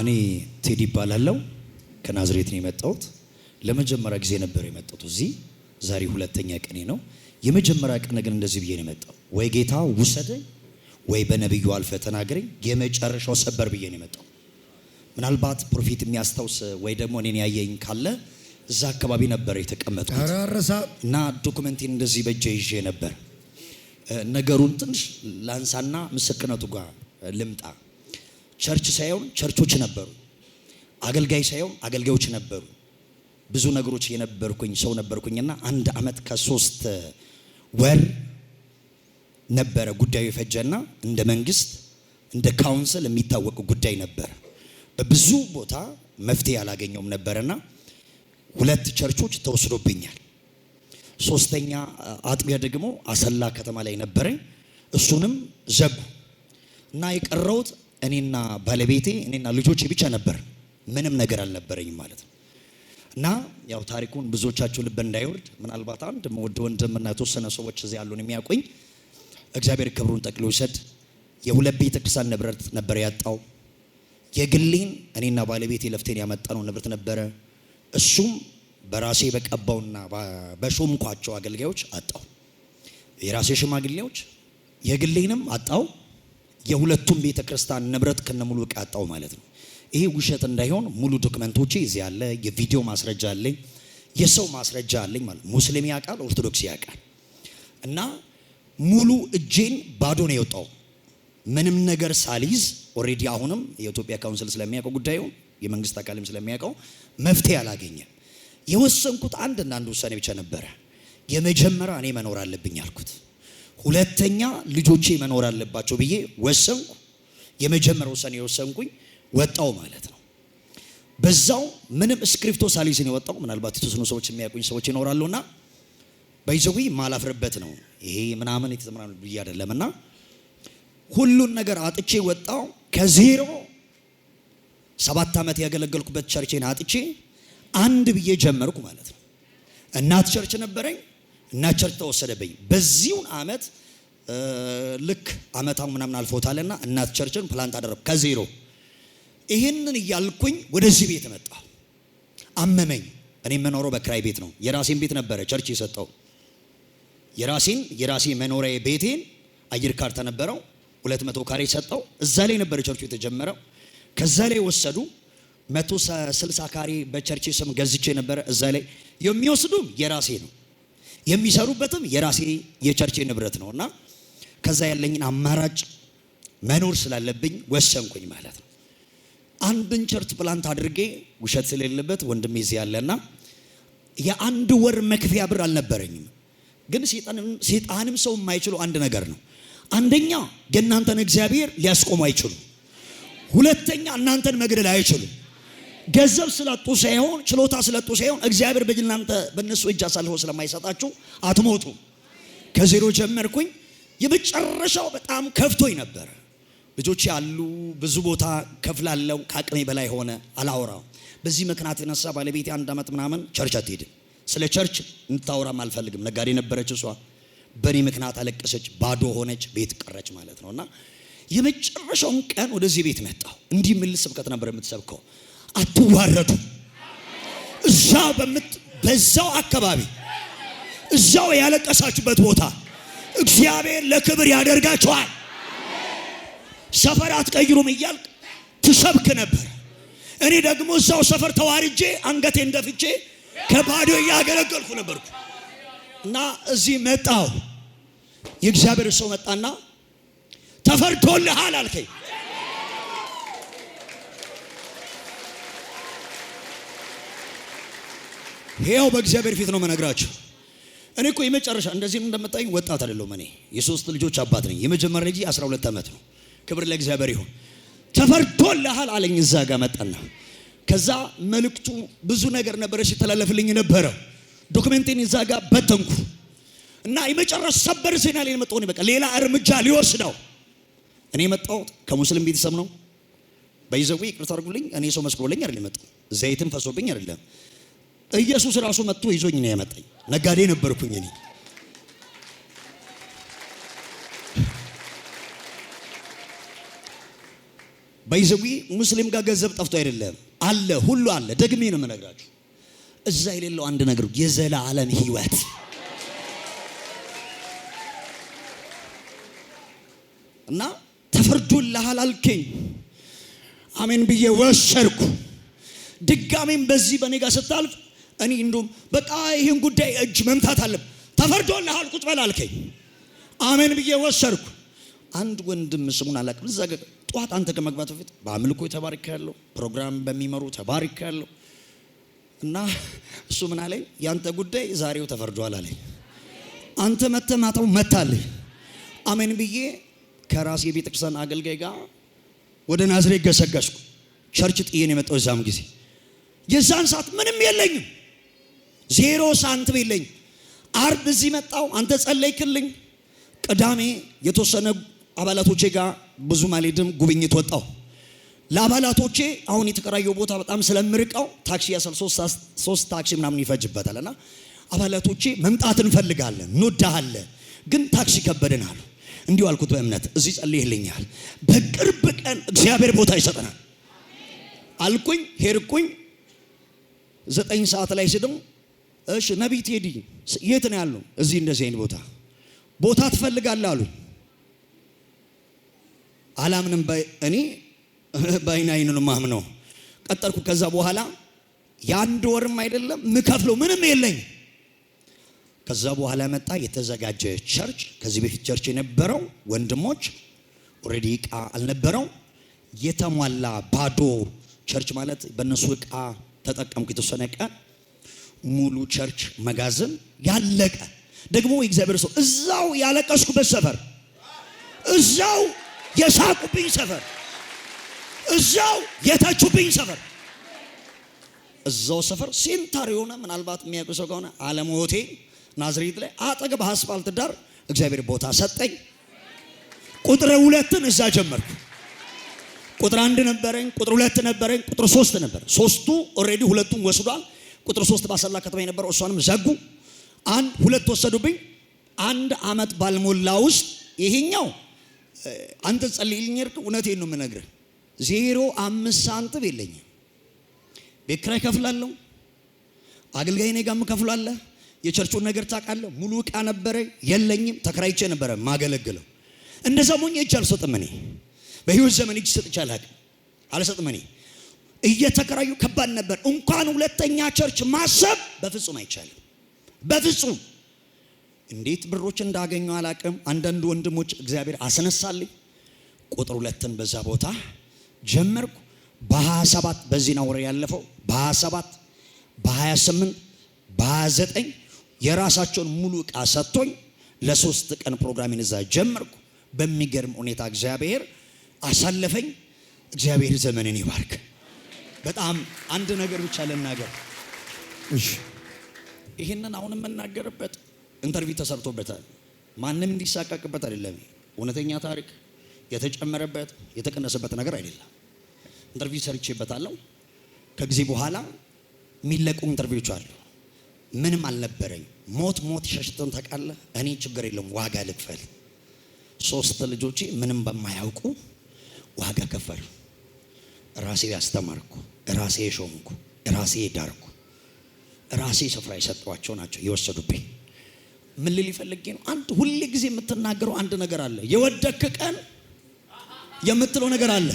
እኔ ቴዲ ይባላለው ከናዝሬት ነው የመጣሁት። ለመጀመሪያ ጊዜ ነበር የመጣሁት እዚህ። ዛሬ ሁለተኛ ቀኔ ነው። የመጀመሪያ ቀን ግን እንደዚህ ብዬ ነው የመጣው፣ ወይ ጌታ ውሰደኝ፣ ወይ በነቢዩ አልፈ ተናገረኝ። የመጨረሻው ሰበር ብዬ ነው የመጣው። ምናልባት ፕሮፊት የሚያስታውስ ወይ ደግሞ እኔን ያየኝ ካለ እዛ አካባቢ ነበር የተቀመጥኩት እና ዶኩመንቴን እንደዚህ በእጄ ይዤ ነበር። ነገሩን ትንሽ ላንሳና ምስክርነቱ ጋር ልምጣ። ቸርች ሳይሆን ቸርቾች ነበሩ፣ አገልጋይ ሳይሆን አገልጋዮች ነበሩ። ብዙ ነገሮች የነበርኩኝ ሰው ነበርኩኝና አንድ አመት ከሶስት ወር ነበረ ጉዳዩ የፈጀና እንደ መንግስት እንደ ካውንስል የሚታወቅ ጉዳይ ነበር። በብዙ ቦታ መፍትሄ አላገኘውም ነበርና ሁለት ቸርቾች ተወስዶብኛል። ሶስተኛ አጥቢያ ደግሞ አሰላ ከተማ ላይ ነበረኝ፣ እሱንም ዘጉ እና የቀረውት እኔና ባለቤቴ እኔና ልጆቼ ብቻ ነበር። ምንም ነገር አልነበረኝም ማለት ነው። እና ያው ታሪኩን ብዙዎቻችሁ ልብ እንዳይወርድ ምናልባት አንድ ወደ ወንድምና የተወሰነ ሰዎች እዚህ ያሉን የሚያውቁኝ እግዚአብሔር ክብሩን ጠቅሎ ይውሰድ። የሁለት ቤተ ክርስቲያን ንብረት ነበር ያጣው። የግሌን እኔና ባለቤቴ ለፍቴን ያመጣነው ንብረት ነበረ። እሱም በራሴ በቀባውና በሾምኳቸው አገልጋዮች አጣው። የራሴ ሽማግሌዎች የግሌንም አጣው። የሁለቱም ቤተ ክርስቲያን ንብረት ከነሙሉ ዕቃ አጣው ማለት ነው። ይሄ ውሸት እንዳይሆን ሙሉ ዶክመንቶቼ እዚህ ያለ የቪዲዮ ማስረጃ አለኝ፣ የሰው ማስረጃ አለኝ። ማለት ሙስሊም ያውቃል፣ ኦርቶዶክስ ያውቃል። እና ሙሉ እጄን ባዶ ነው የወጣው ምንም ነገር ሳልይዝ ኦሬዲ። አሁንም የኢትዮጵያ ካውንስል ስለሚያውቀው ጉዳዩ የመንግስት አካልም ስለሚያውቀው መፍትሄ አላገኘም። የወሰንኩት እና አንድ ውሳኔ ብቻ ነበረ። የመጀመሪያ እኔ መኖር አለብኝ አልኩት። ሁለተኛ ልጆቼ መኖር አለባቸው ብዬ ወሰንኩ። የመጀመሪያው ሰኔ ወሰንኩኝ ወጣው ማለት ነው። በዛው ምንም እስክሪፕቶ ሳሊዝ ነው የወጣው። ምናልባት የተወሰኑ ሰዎች የሚያውቁኝ ሰዎች ይኖራሉና በይዘዊ ማላፍርበት ነው ይሄ ምናምን የተምራ ብዬ አይደለም እና ሁሉን ነገር አጥቼ ወጣው ከዜሮ ሰባት ዓመት ያገለገልኩበት ቸርቼን አጥቼ አንድ ብዬ ጀመርኩ ማለት ነው። እናት ቸርች ነበረኝ እና ቸርች ተወሰደብኝ። በዚሁን አመት ልክ አመታው ምናምን አልፎታልና እናት ቸርችን ፕላንት አደረኩ ከዜሮ። ይህንን እያልኩኝ ወደዚህ ቤት መጣ። አመመኝ። እኔ የምኖረው በክራይ ቤት ነው። የራሴን ቤት ነበረ ቸርች የሰጠው የራሴን የራሴ መኖሪያ ቤቴን አየር ካርታ ነበረው። ሁለት መቶ ካሬ ሰጠው። እዛ ላይ ነበረ ቸርቹ የተጀመረው። ከዛ ላይ ወሰዱ። መቶ ስልሳ ካሬ በቸርች ስም ገዝቼ ነበረ። እዛ ላይ የሚወስዱ የራሴ ነው የሚሰሩበትም የራሴ የቸርቼ ንብረት ነው እና ከዛ ያለኝን አማራጭ መኖር ስላለብኝ ወሰንኩኝ ማለት ነው። አንድን ቸርች ፕላንት አድርጌ ውሸት ስለሌለበት ወንድሜ እዚህ ያለና የአንድ ወር መክፊያ ብር አልነበረኝም። ግን ሴጣንም ሰው የማይችለው አንድ ነገር ነው። አንደኛ የእናንተን እግዚአብሔር ሊያስቆሙ አይችሉም። ሁለተኛ እናንተን መግደል አይችሉም። ገንዘብ ስለጡ ሳይሆን ችሎታ ስለጡ ሳይሆን እግዚአብሔር በእናንተ በእነሱ እጅ አሳልፎ ስለማይሰጣችሁ አትሞቱ። ከዜሮ ጀመርኩኝ። የመጨረሻው በጣም ከፍቶኝ ነበር። ልጆች ያሉ ብዙ ቦታ ከፍላለው፣ ከአቅሜ በላይ ሆነ። አላውራው በዚህ ምክንያት የነሳ ባለቤቴ አንድ ዓመት ምናምን ቸርች አትሄድም። ስለ ቸርች እንታወራም አልፈልግም። ነጋዴ ነበረች እሷ። በእኔ ምክንያት አለቀሰች፣ ባዶ ሆነች፣ ቤት ቀረች ማለት ነው። እና የመጨረሻውን ቀን ወደዚህ ቤት መጣሁ። እንዲህ ምል ስብከት ነበር የምትሰብከው አትዋረዱ። እዛው በምት በዛው አካባቢ እዛው ያለቀሳችሁበት ቦታ እግዚአብሔር ለክብር ያደርጋችኋል። ሰፈር አትቀይሩም እያልክ ትሰብክ ነበር። እኔ ደግሞ እዛው ሰፈር ተዋርጄ አንገቴን ደፍቼ ከባዶ እያገለገልኩ ነበርኩ እና እዚህ መጣሁ። የእግዚአብሔር ሰው መጣና ተፈርዶልሃል አልከኝ። ይኸው በእግዚአብሔር ፊት ነው መነግራችሁ። እኔ እኮ የመጨረሻ እንደዚህ እንደመጣኝ ወጣት አይደለሁም። እኔ የሶስት ልጆች አባት ነኝ። የመጀመሪያ ልጅ 12 ዓመት ነው። ክብር ለእግዚአብሔር ይሁን። ተፈርዶልሃል አለኝ። እዛ ጋር መጣና ከዛ መልእክቱ ብዙ ነገር ነበረ ሲተላለፍልኝ ነበረ። ዶክመንቴን እዛ ጋር በተንኩ እና የመጨረሻ ሰበር ዜና ላይ የመጣሁ በቃ ሌላ እርምጃ ሊወስደው እኔ የመጣሁት ከሙስሊም ቤተሰብ ነው። በይዘዊ ይቅርታ አድርጉልኝ። እኔ ሰው መስክሮልኝ አይደለም የመጣሁ ዘይትም ፈሶብኝ አይደለም ኢየሱስ ራሱ መጥቶ ይዞኝ ነው ያመጣኝ። ነጋዴ ነበርኩኝ እኔ። በይዘዊ ሙስሊም ጋር ገንዘብ ጠፍቶ አይደለም አለ፣ ሁሉ አለ። ደግሜ ነው የምነግራችሁ። እዛ የሌለው አንድ ነገር የዘላለም ህይወት እና ተፈርዶልሃል አልከኝ። አሜን ብዬ ወሸርኩ። ድጋሜም በዚህ በኔጋ ስታልፍ እኔ እንዲሁም በቃ ይህን ጉዳይ እጅ መምታት አለም ተፈርዶልሃል ቁጭ በል አልከኝ። አሜን ብዬ ወሰድኩ። አንድ ወንድም ስሙን አላውቅም። እዛ ጠዋት አንተ ከመግባት በፊት በአምልኮ ተባርክ ያለው ፕሮግራም በሚመሩ ተባርክ ያለው እና እሱ ምን አለኝ፣ ያንተ ጉዳይ ዛሬው ተፈርዷል አለኝ። አንተ መተማተው መታለ አሜን ብዬ ከራሴ ክርስቲያን አገልጋይ ጋር ወደ ናዝሬት ገሰገስኩ። ቸርች ጥዬን የመጣው እዛም ጊዜ የዛን ሰዓት ምንም የለኝም። ዜሮ ሳንቲም የለኝ። አርብ እዚህ መጣው አንተ ጸለይክልኝ። ቅዳሜ የተወሰነ አባላቶቼ ጋር ብዙ ማልሄድም ጉብኝት ወጣው ለአባላቶቼ አሁን የተከራየው ቦታ በጣም ስለምርቀው ታክሲ ያሰል ሶስት ታክሲ ምናምን ይፈጅበታል እና አባላቶቼ መምጣት እንፈልጋለን እንወዳሃለን፣ ግን ታክሲ ከበድን አሉ። እንዲሁ አልኩት በእምነት እዚህ ጸልይልኛል፣ በቅርብ ቀን እግዚአብሔር ቦታ ይሰጠናል አልኩኝ። ሄድኩኝ ዘጠኝ ሰዓት ላይ ስድም እሺ ነቢይ ቴዲ የት ነው ያለው? እዚህ እንደዚህ አይነት ቦታ ቦታ ትፈልጋለህ አሉ። አላምንም እኔ በአይን አይን ማምነው ቀጠልኩ። ከዛ በኋላ የአንድ ወርም አይደለም ምከፍለው ምንም የለኝ። ከዛ በኋላ መጣ የተዘጋጀ ቸርች። ከዚህ በፊት ቸርች የነበረው ወንድሞች ኦልሬዲ እቃ አልነበረው የተሟላ ባዶ ቸርች ማለት በእነሱ እቃ ተጠቀምኩ የተወሰነ ቀን ሙሉ ቸርች መጋዘን ያለቀ ደግሞ የእግዚአብሔር ሰው እዛው ያለቀስኩበት ሰፈር እዛው የሳቁብኝ ሰፈር እዛው የተቹብኝ ሰፈር እዛው ሰፈር ሴንተር የሆነ ምናልባት የሚያውቁ ሰው ከሆነ አለም ሆቴል ናዝሬት ላይ አጠገብ አስፋልት ዳር እግዚአብሔር ቦታ ሰጠኝ። ቁጥር ሁለትን እዛ ጀመርኩ። ቁጥር አንድ ነበረኝ፣ ቁጥር ሁለት ነበረኝ፣ ቁጥር ሶስት ነበር። ሶስቱ ኦልሬዲ ሁለቱን ወስዷል። ቁጥር ሶስት ባሰላ ከተማ የነበረው እሷንም ዘጉ። አንድ ሁለት ወሰዱብኝ። አንድ አመት ባልሞላ ውስጥ ይሄኛው አንተ ጸልይልኝ እርቅ እውነቴን ነው የምነግርህ። ዜሮ አምስት ሳንቲም የለኝም። ቤት ኪራይ ከፍላለሁ። አገልጋይ እኔ ጋርም ከፍላለህ። የቸርቹን ነገር ታውቃለህ። ሙሉ ዕቃ ነበረ የለኝም። ተከራይቼ ነበረ ማገለግለው። እንደዛ ሞኝ እጅ አልሰጥም እኔ በህይወት ዘመን እጅ ሰጥቼ አላውቅም። አልሰጥም እኔ እየተከራዩ ከባድ ነበር። እንኳን ሁለተኛ ቸርች ማሰብ በፍጹም አይቻልም። በፍጹም እንዴት ብሮች እንዳገኙ አላቅም። አንዳንድ ወንድሞች እግዚአብሔር አስነሳልኝ። ቁጥር ሁለትን በዛ ቦታ ጀመርኩ። በ27 በዚህ ነው ወር ያለፈው በሀያ ሰባት በሀያ ስምንት በሀያ ዘጠኝ የራሳቸውን ሙሉ ዕቃ ሰጥቶኝ ለሶስት ቀን ፕሮግራሜን እዛ ጀመርኩ። በሚገርም ሁኔታ እግዚአብሔር አሳለፈኝ። እግዚአብሔር ዘመንን ይባርክ። በጣም አንድ ነገር ብቻ ልናገር። እሺ፣ ይህንን አሁን የምናገርበት ኢንተርቪው ተሰርቶበታል። ማንም እንዲሳቀቅበት አይደለም። እውነተኛ ታሪክ የተጨመረበት የተቀነሰበት ነገር አይደለም። ኢንተርቪው ሰርቼበታለሁ። ከጊዜ በኋላ የሚለቁ ኢንተርቪዎች አሉ። ምንም አልነበረኝ። ሞት ሞት ሸሽተን ታውቃለ። እኔ ችግር የለም ዋጋ ልክፈል። ሶስት ልጆቼ ምንም በማያውቁ ዋጋ ከፈሉ። ራሴ ያስተማርኩ፣ ራሴ የሾምኩ፣ ራሴ የዳርኩ፣ ራሴ ስፍራ የሰጧቸው ናቸው የወሰዱብኝ። ምን ልል ይፈልጌ ነው? አንድ ሁሌ ጊዜ የምትናገረው አንድ ነገር አለ። የወደክ ቀን የምትለው ነገር አለ።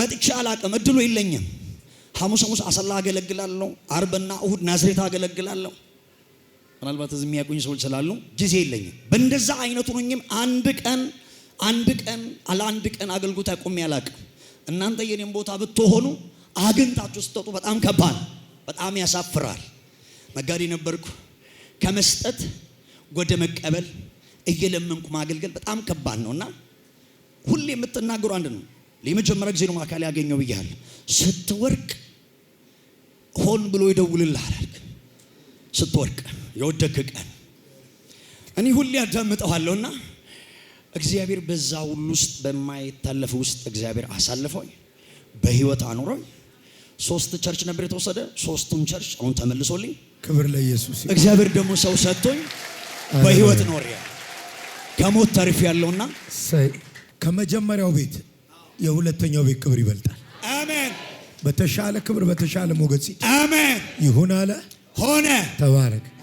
መጥቼ አላቅም፣ እድሉ የለኝም። ሐሙስ ሐሙስ አሰላ አገለግላለሁ፣ አርብና እሁድ ናዝሬት አገለግላለሁ። ምናልባት እዚህ የሚያቁኝ ሰዎች ስላሉ ጊዜ የለኝም። በእንደዛ አይነቱ ነኝም። አንድ ቀን አንድ ቀን አለ አንድ ቀን አገልግሎት አቁሜ አላቅም። እናንተ የኔም ቦታ ብትሆኑ አግኝታችሁ ስትወጡ በጣም ከባድ፣ በጣም ያሳፍራል። ነጋዴ ነበርኩ። ከመስጠት ወደ መቀበል እየለመንኩ ማገልገል በጣም ከባድ ነው እና ሁሌ የምትናገሩ አንድ ነው። ለመጀመሪያ ጊዜ ነው አካል ያገኘው ብያል። ስትወርቅ ሆን ብሎ ይደውልልህ አላልክ። ስትወርቅ የወደክ ቀን እኔ ሁሌ አዳምጠዋለሁና እግዚአብሔር በዛ ሁሉ ውስጥ በማይታለፍ ውስጥ እግዚአብሔር አሳልፎኝ በህይወት አኑሮኝ ሶስት ቸርች ነበር የተወሰደ። ሶስቱም ቸርች አሁን ተመልሶልኝ ክብር ለኢየሱስ። እግዚአብሔር ደግሞ ሰው ሰጥቶኝ በህይወት ኖር ከሞት ተርፍ ያለውና ከመጀመሪያው ቤት የሁለተኛው ቤት ክብር ይበልጣል። አሜን። በተሻለ ክብር በተሻለ ሞገስ አሜን። ይሁን አለ ሆነ። ተባረክ።